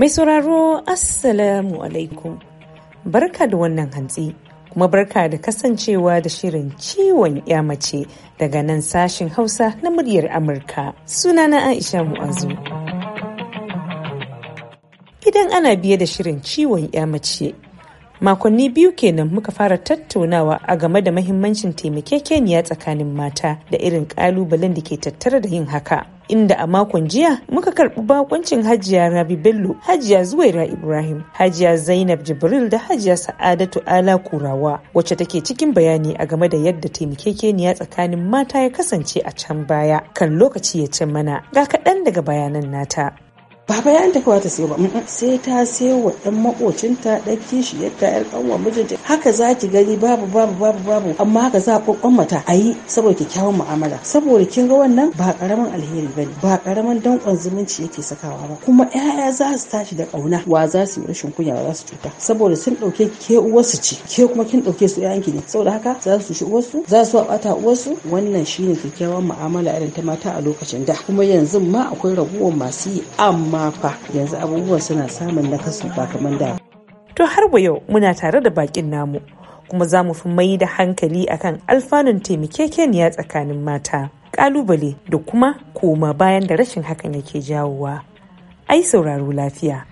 Mai sauraro Assalamu alaikum. Barka da wannan hantsi kuma barka da kasancewa da shirin ciwon ya mace daga nan sashen Hausa na muryar Amurka. suna na Aisha Mu'azu. Idan ana biye da shirin ciwon ya mace makonni biyu kenan muka fara tattaunawa a game da mahimmancin taimakekeniya tsakanin mata da irin kalubalen da ke tattara da yin haka. inda a makon jiya muka karɓi bakoncin Hajiya Rabi Bello, Hajiya Zuwaira Ibrahim, Hajiya Zainab Jibril da Hajiya Sa'adatu Ala Kurawa, wacce take cikin bayani a game da yadda taimakekeniya tsakanin mata ya kasance a can baya kan lokaci ya ce mana ga kaɗan daga bayanan nata. ba fa ya ta kawata sayo ba sai ta sayo wa dan makocinta dan kishi yadda yar kanwa mijinta haka za ki gani babu babu babu babu amma haka za ku kwammata a yi saboda kyakkyawan mu'amala saboda kin ga wannan ba ƙaramin alheri bane ba karaman dankon zumunci yake sakawa ba kuma yaya za su tashi da ƙauna. wa za su yi rashin kunya ba za su cuta saboda sun dauke ke uwarsu ce ke kuma kin dauke su yanki ne saboda haka za su shi uwarsu za su bata uwarsu wannan shine kyakkyawan mu'amala irin ta mata a lokacin da kuma yanzu ma akwai raguwar masu yi amma fa yanzu abubuwan suna samun kasu ba kamar da to har wa yau muna tare da bakin namu kuma za mu fi mai da hankali akan alfanun taimakekeniya tsakanin mata kalubale da kuma koma bayan da rashin hakan yake jawowa ai sauraro lafiya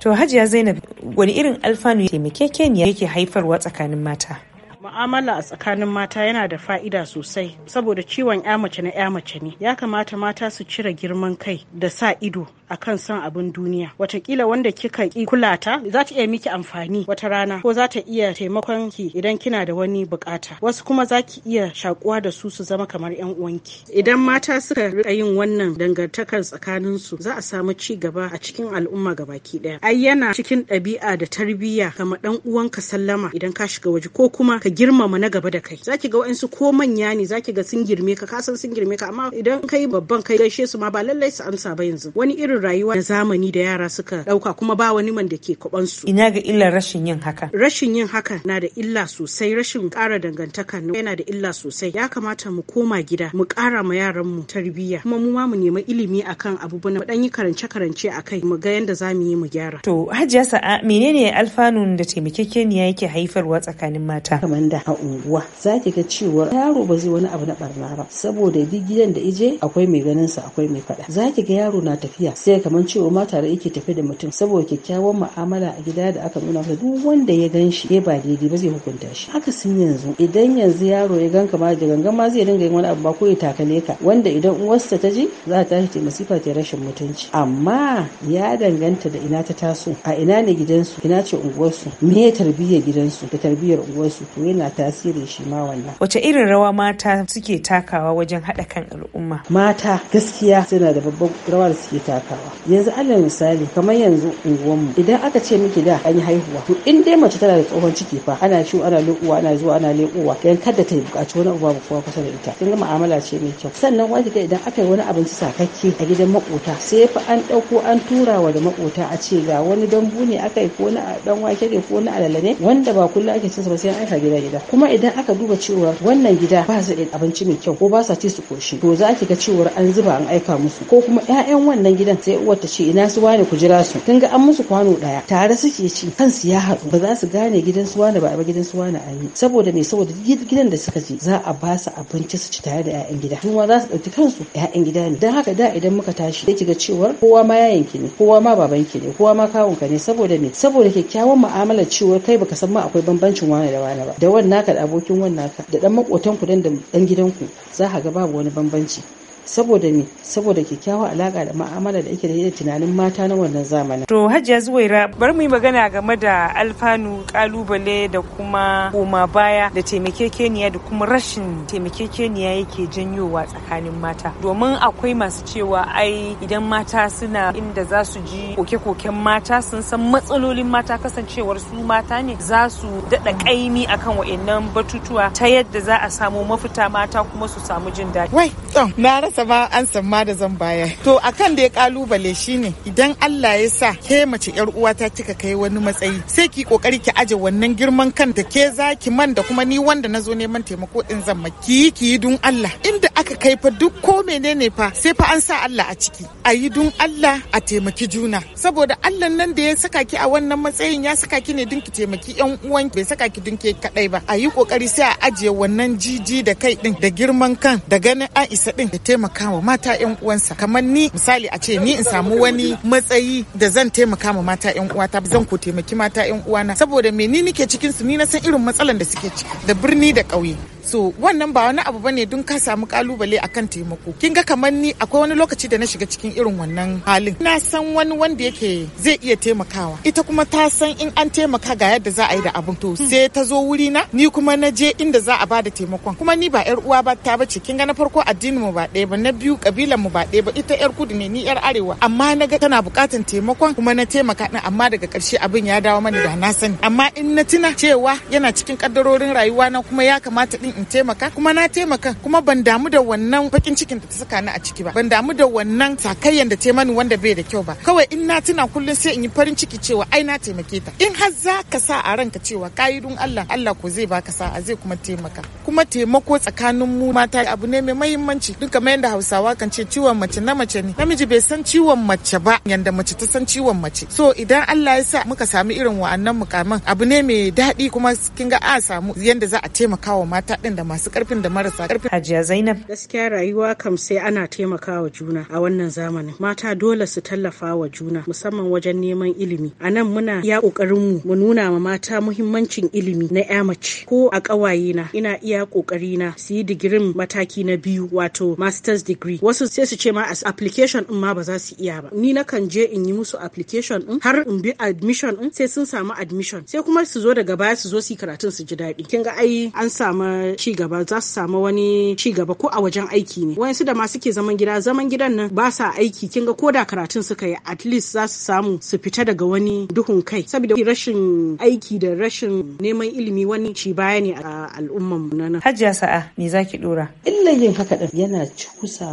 to hajiya zainab wani irin alfanu taimakekeniya yake haifarwa tsakanin mata Mu'amala a tsakanin mata yana da fa'ida sosai saboda ciwon ya mace na ya mace ne. Ya kamata mata su cire girman kai da sa ido a kan son abin duniya. Watakila wanda kika ki kula ta za ta iya miki amfani wata rana ko za ta iya taimakon ki idan kina da wani bukata. Wasu kuma za ki iya shakuwa da su su zama kamar yan uwanki. Idan mata suka rika yin wannan dangantakar tsakanin su za a samu ci gaba a cikin al'umma ga baki daya. Ai yana cikin ɗabi'a da tarbiyya kamar dan uwanka sallama idan ka shiga waje ko kuma ka girmama na gaba da kai zaki ga wa'ansu ko manya ne zaki ga sun girme ka kasan sun girme ka amma idan kai babban kai gaishe su ma ba lallai su amsa ba yanzu wani irin rayuwa na zamani da yara suka dauka kuma ba wani man da ke kwaban su ina ga illar rashin yin haka rashin yin haka na da illa sosai rashin kara dangantaka yana da illa sosai ya kamata mu koma gida mu kara ma yaran mu tarbiyya kuma mu ma mu nemi ilimi akan abubuwan mu dan yi karance karance akai mu ga yanda zamu yi mu gyara to hajiya sa'a menene alfanun da taimakekeniya yake haifarwa tsakanin mata kamar wanda a unguwa za ki ga cewa yaro ba zai wani abu na barna ba saboda duk gidan da ije akwai mai ganin sa akwai mai faɗa za ki ga yaro na tafiya sai kamar cewa ma tare yake tafi da mutum saboda kyakkyawan mu'amala a gida da aka nuna masa duk wanda ya gan shi ya ba daidai ba zai hukunta shi haka sun yanzu idan yanzu yaro ya gan ma da gangan ma zai dinga yin wani abu ba ko ya takale ka wanda idan uwarsa ta ji za ta tashi ta masifa ta rashin mutunci amma ya danganta da ina ta taso a ina ne gidansu ina ce unguwarsu me tarbiyyar gidansu da tarbiyyar unguwarsu to yana tasiri shi ma wannan wace irin rawa mata suke takawa wajen haɗa kan al'umma mata gaskiya suna da babban rawa da suke takawa yanzu alal misali kamar yanzu unguwanmu idan aka ce miki da an yi haihuwa to in dai mace tana da tsohon ciki fa ana ciwo ana lokuwa ana zuwa ana lekuwa yan kada ta yi buƙaci wani uba kowa kusa da ita kin ga mu'amala ce mai kyau sannan wani da idan aka yi wani abinci sakakke a gidan maƙota sai fa an ɗauko an tura wa da maƙota a ce ga wani dambu ne aka yi ko na dan wake ne ko na alala ne wanda ba kullum ake cin sa ba sai an aika gida gida kuma idan aka duba cewa wannan gida ba su da abinci mai kyau ko ba sa ci su koshi to za ki ga cewa an zuba an aika musu ko kuma ƴaƴan wannan gidan sai uwar ta ce ina su wane ku jira su kinga an musu kwano daya tare suke ci kansu ya haɗu ba za su gane gidan su wane ba ba gidan su wane an yi saboda me saboda gidan da suka je za a ba su abinci su ci tare da ƴaƴan gida kuma za su ɗauki kansu ƴaƴan gida ne dan haka da idan muka tashi sai ga cewa kowa ma ki ne kowa ma ki ne kowa ma kawun ka ne saboda me saboda kyakkyawan mu'amalar cewa kai baka san ma akwai bambancin wane da wane ba da wannan naka da abokin wannan naka da dan makotan ku dan da dan ku za ka ga babu wani bambanci saboda me saboda kyakkyawar alaka da ma'amala da ake da tunanin mata na wannan zamanin to hajiya zuwaira bari mu yi magana game da alfanu kalubale da kuma koma baya da taimakekeniya da kuma rashin taimakekeniya yake janyowa tsakanin mata domin akwai masu cewa ai idan mata suna inda za su ji koke-koken mata sun san matsalolin mata kasancewar su mata ne za su daɗa ƙaimi akan wa'annan batutuwa ta yadda za a samu mafita mata kuma su samu jin daɗi. Wai, oh, rasa ma an ma da zan baya to akan da ya kalubale ne idan Allah ya sa ke mace yar uwata kika kai wani matsayi sai ki kokari ki aje wannan girman kanta ke zaki man da kuma ni wanda na zo neman taimako din zan maki ki yi dun Allah inda aka kai fa duk ko menene fa sai fa an sa Allah a ciki a yi dun Allah a taimaki juna saboda Allah nan da ya saka ki a wannan matsayin ya saka ki ne dinki taimaki yan uwan bai saka ki dinki kadai ba a yi kokari sai a ajiye wannan jiji da kai din da girman kan da ganin an isa din da taimaka wa mata yan uwansa kamar ni misali a ce ni in samu wani matsayi da zan taimaka ma mata yan uwata zan ko taimaki mata yan uwana saboda me ni nike cikin su ni na san irin matsalan da suke ciki da birni da ƙauye so wannan ba wani abu bane dun ka samu kalubale akan taimako kin ga kamar ni akwai wani lokaci da na shiga cikin irin wannan halin na san wani wanda yake zai iya taimakawa ita kuma ta san in an taimaka ga yadda za a yi da abun to hmm. sai ta zo wuri na ni kuma na je inda za a bada taimakon kuma ni ba yar uwa ba ta bace kin ga na farko addinin mu ba ɗaya ba na biyu kabilan mu ba ɗaya ba ita yar kudu ne ni yar arewa amma na ga tana bukatan taimakon kuma na taimaka din amma daga ƙarshe abin ya dawo mani da na sani amma in na tuna cewa yana cikin kaddarorin rayuwa na kuma ya kamata din in taimaka kuma na taimaka kuma ban damu da wannan bakin cikin da ta saka ni a ciki ba ban damu da wannan sakayyan da ta mani wanda bai da kyau ba kawai in na tuna kullum sai in yi farin ciki cewa ai na taimake ta in har za ka sa a ranka cewa ka'idun Allah Allah ko zai baka sa'a zai kuma taimaka kuma taimako tsakanin mu mata abu ne mai mahimmanci duka mai yanda Hausawa kan ce ciwon mace na mace ne namiji bai san ciwon mace ba yanda mace ta san ciwon mace so idan Allah ya sa muka samu irin wa'annan mukaman abu ne mai daɗi kuma kin ga a samu yanda za a taimaka wa mata din da masu ƙarfin da marasa ƙarfin. hajiya zainab gaskiya rayuwa kam sai ana taimakawa juna a wannan zamanin mata dole su tallafa wa juna musamman wajen neman ilimi a nan muna ya kokarin mu mu nuna ma mata muhimmancin ilimi na ya mace ko a ƙawaye na ina iya kokari na su yi digirin mataki na biyu wato masters degree wasu sai su ce ma as application ɗin ma ba za su iya ba ni na kan je in yi musu application ɗin har in bi admission ɗin sai sun samu admission sai kuma su zo daga baya su zo su yi karatun su ji daɗi kin ga ai an samu ci gaba za su samu wani ci gaba ko a wajen aiki ne wayansu da ma suke zaman gida zaman gidan nan ba sa aiki kin ga koda karatun suka yi at least za su samu su fita daga wani duhun kai saboda rashin aiki da rashin neman ilimi wani ci baya ne a al'umman mu nan hajiya sa'a me zaki dora illan yin haka din yana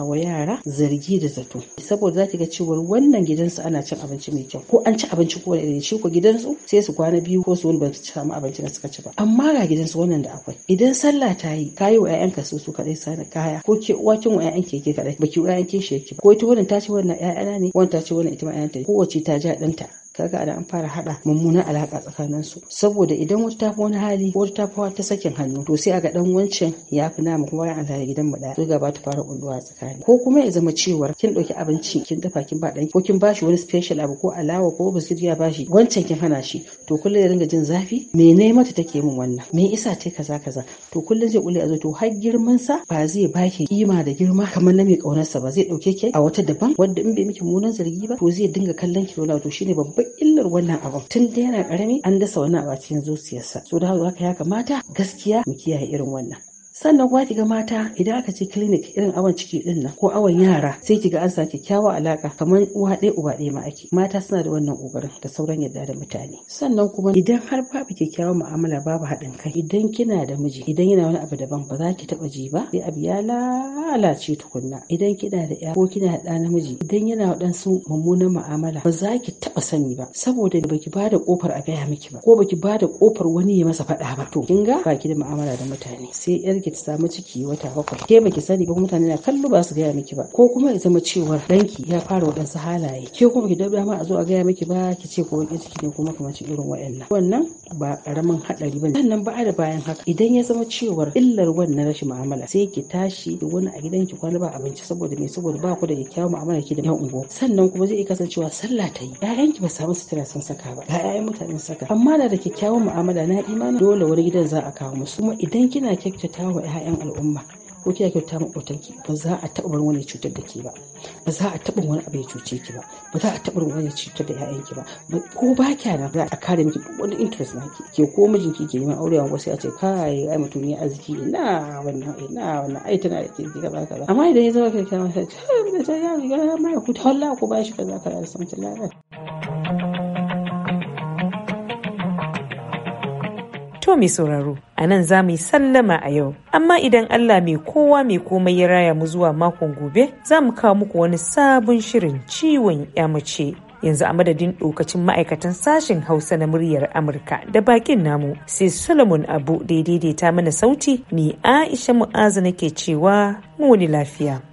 wa yara zargi da zato saboda zaki ga cewa wannan gidansu ana cin abinci mai kyau ko an ci abinci ko da shi ko gidansu sai su kwana biyu ko su wani ba su ci abinci da suka ci ba amma ga gidansu wannan da akwai idan sallah Allah ta yi ka yi wa 'ya'yanka su su kaɗai sani kaya ko ke uwa kin wa 'ya'yanki ke kaɗai baki wa 'ya'yanki shi yake ko ita wannan ta ce wannan 'ya'yana ne wannan ta ce wannan ita ma 'ya'yanta kowace ta ja ɗanta kaga ana an fara hada mummunan alaka tsakanin su saboda idan wata tafi wani hali ko wata tafi ta sakin hannu to sai a ga dan wancan ya fi namu kuma ya alaka gidan mu daya to ba ta fara kulluwa tsakani ko kuma ya zama cewa kin dauki abinci kin dafa kin ba dan ko kin bashi wani special abu ko alawa ko biskit ya bashi wancan kin hana shi to kullum ya dinga jin zafi me ne mata take min wannan me isa ce kaza kaza to kullum zai kulle a zo to har girman sa ba zai baki kima da girma kamar na mai kaunarsa ba zai dauke ke a wata daban wanda in bai miki munan zargi ba to zai dinga kallon ki to shine babban illar wannan abu tun da yana karami an dasa wani abu a cikin zuciyarsa so da haka ya kamata gaskiya mu kiyaye irin wannan sannan kuma kiga mata idan aka ce clinic irin awon ciki din nan ko awon yara sai kiga an sa kyakkyawa alaka kamar uwa ɗaya uba ɗaya ma ake mata suna da wannan kokarin da sauran yadda da mutane sannan kuma idan har babu kyakkyawan mu'amala babu haɗin kai idan kina da miji idan yana wani abu daban ba za ki taɓa ji ba sai abu ya lalace tukunna idan kina da ya ko kina da namiji idan yana waɗansu mummunan mu'amala ba za ki taɓa sani ba saboda baki ba da kofar a gaya miki ba ko baki ba da kofar wani ya masa faɗa ba to kin ga baki da mu'amala da mutane sai yar ki samu ciki wata bakwai ke baki sani ba mutane na kallo ba su gaya miki ba ko kuma ya zama cewa danki ya fara waɗansu halaye ke kuma ki dabba ma a zo a gaya miki ba ki ce ko wani ciki ne kuma kamar irin wa'annan wannan ba karamin haɗari bane sannan ba da bayan haka idan ya zama cewar illar wannan rashin mu'amala sai ki tashi da wani a gidanki kwana ba abinci saboda me saboda ba ku da kyakkyawar mu'amala ki da yan ungo sannan kuma zai kasancewa sallah ta yi ki ba samu sutura sun saka ba ƴaƴan mutanen saka amma da kyakkyawan mu'amala na imani dole wani gidan za a kawo musu kuma idan kina kyakkyawa ma 'ya'yan al'umma ko kiyaye kyauta makotanki ba za a taɓa barin wani cutar da ke ba ba za a taɓa wani abu ya cuce ki ba ba za a taɓa wani cutar da ƴaƴanki ba ko ba kya na za a kare miki duk wani interest na ki ke ko mijinki ke neman aure wanda wasu a ce kai ai mutum ne arziki ina wannan ina wannan ai tana da kirki kaza ba amma idan ya zama kyakkyawa sai ce ai mutum ya riga ya mai huta wallahi ko ba shi kaza kaza da ta lafiya To mai sauraro, a nan za mu yi sallama a yau. Amma idan Allah mai kowa mai komai ya raya mu zuwa makon gobe, za mu kawo muku wani sabon shirin ciwon yamace yanzu a madadin dokacin ma'aikatan sashen hausa na muryar amurka da bakin namu sai solomon abu da daidaita mana sauti ni aisha mu'azu ke cewa mu wani lafiya